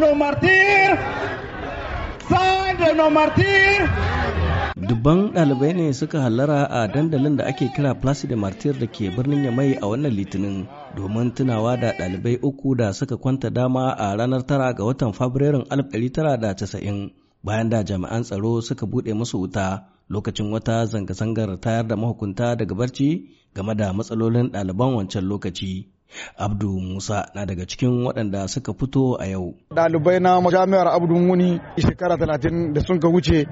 nos martyrs, de nos Dubban ɗalibai ne suka hallara a dandalin da ake kira Place de Martir da ke birnin Yamai a wannan litinin domin tunawa da ɗalibai uku da suka kwanta dama a ranar tara ga watan Fabrairun 1990 bayan da jami'an tsaro suka buɗe musu wuta lokacin wata zanga-zangar tayar da mahukunta daga barci game da matsalolin ɗaliban wancan lokaci. Abdu Musa na daga cikin waɗanda suka fito a yau. Ɗalibai na jami'ar Abdu Muni shekara talatin da sun ka wuce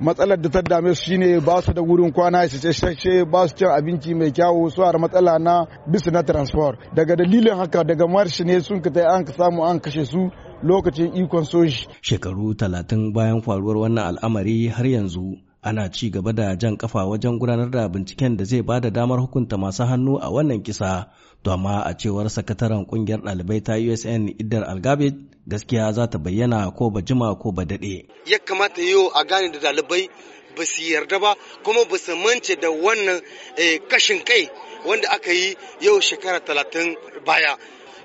matsalar da ta dame su shine ba su da wurin kwana isasshe ba su cin abinci mai kyawu su har matsala na bisu na transport. Daga dalilin haka daga marshi ne sun ka an ka samu an kashe su lokacin ikon soji. Shekaru talatin bayan faruwar wannan al'amari har yanzu ana ci gaba da jan kafa wajen gudanar da binciken da zai ba da damar hukunta masu hannu a wannan kisa to amma a cewar sakataren kungiyar ɗalibai ta usn idar algabit gaskiya za ta bayyana ko ba jima ko ba daɗe ya kamata yau a gane da dalibai ba su yarda ba kuma ba su mance da wannan eh, kashin kai wanda aka yi yau shekara talatin baya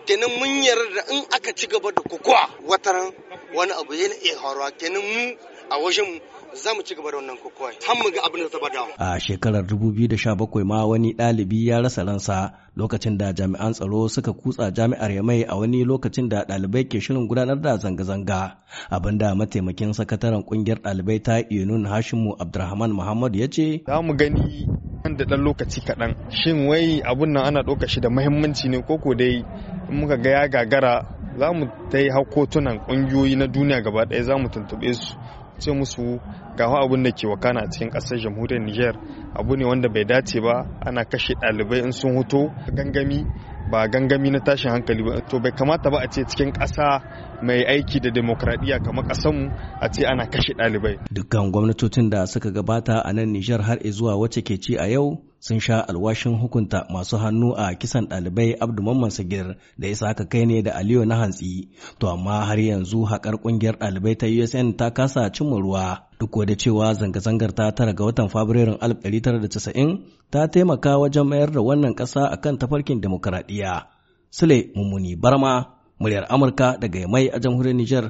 kenan mun yarda in aka ci gaba da kokowa wataran wani abu yana iya faruwa kenan mu a wajen za mu ci gaba da wannan kokowa har mu ga abin da ta bada a shekarar 2017 ma wani ɗalibi ya rasa ransa lokacin da jami'an tsaro suka kutsa jami'ar Yamai a wani lokacin da ɗalibai ke shirin gudanar da zanga-zanga abinda mataimakin sakataren kungiyar ɗalibai ta Yunun Hashimu Abdurrahman Muhammad ya ce za mu gani nan da ɗan lokaci kaɗan shin wai abun nan ana ɗauka shi da muhimmanci ne ko dai in muka ga ya gagara za mu ta yi hakotunan ƙungiyoyi na duniya gaba ɗaya za mu tuntuɓe su ce musu ga abin da ke wakana a cikin ƙasar jamhuriyar niger abu ne wanda bai dace ba ana kashe ɗalibai in sun huto gangami ba gangami na tashin hankali ba to bai kamata ba a ce cikin ƙasa mai aiki da demokradiyya kamar mu a ce ana kashe ɗalibai dukkan gwamnatocin da suka gabata a nan niger har zuwa wacce ke ci a yau sun sha alwashin hukunta masu hannu a kisan ɗalibai abdu mamman sagir da isa haka kai ne da aliyu na hantsi to amma har yanzu haƙar ƙungiyar ɗalibai ta usn ta kasa cimma ruwa duk da cewa zanga-zangar ta tara ga watan fabrairun 1990 ta taimaka wajen mayar da wannan ƙasa a kan tafarkin demokaradiyya sule mummuni barma muryar amurka daga mai a jamhuriyar nijar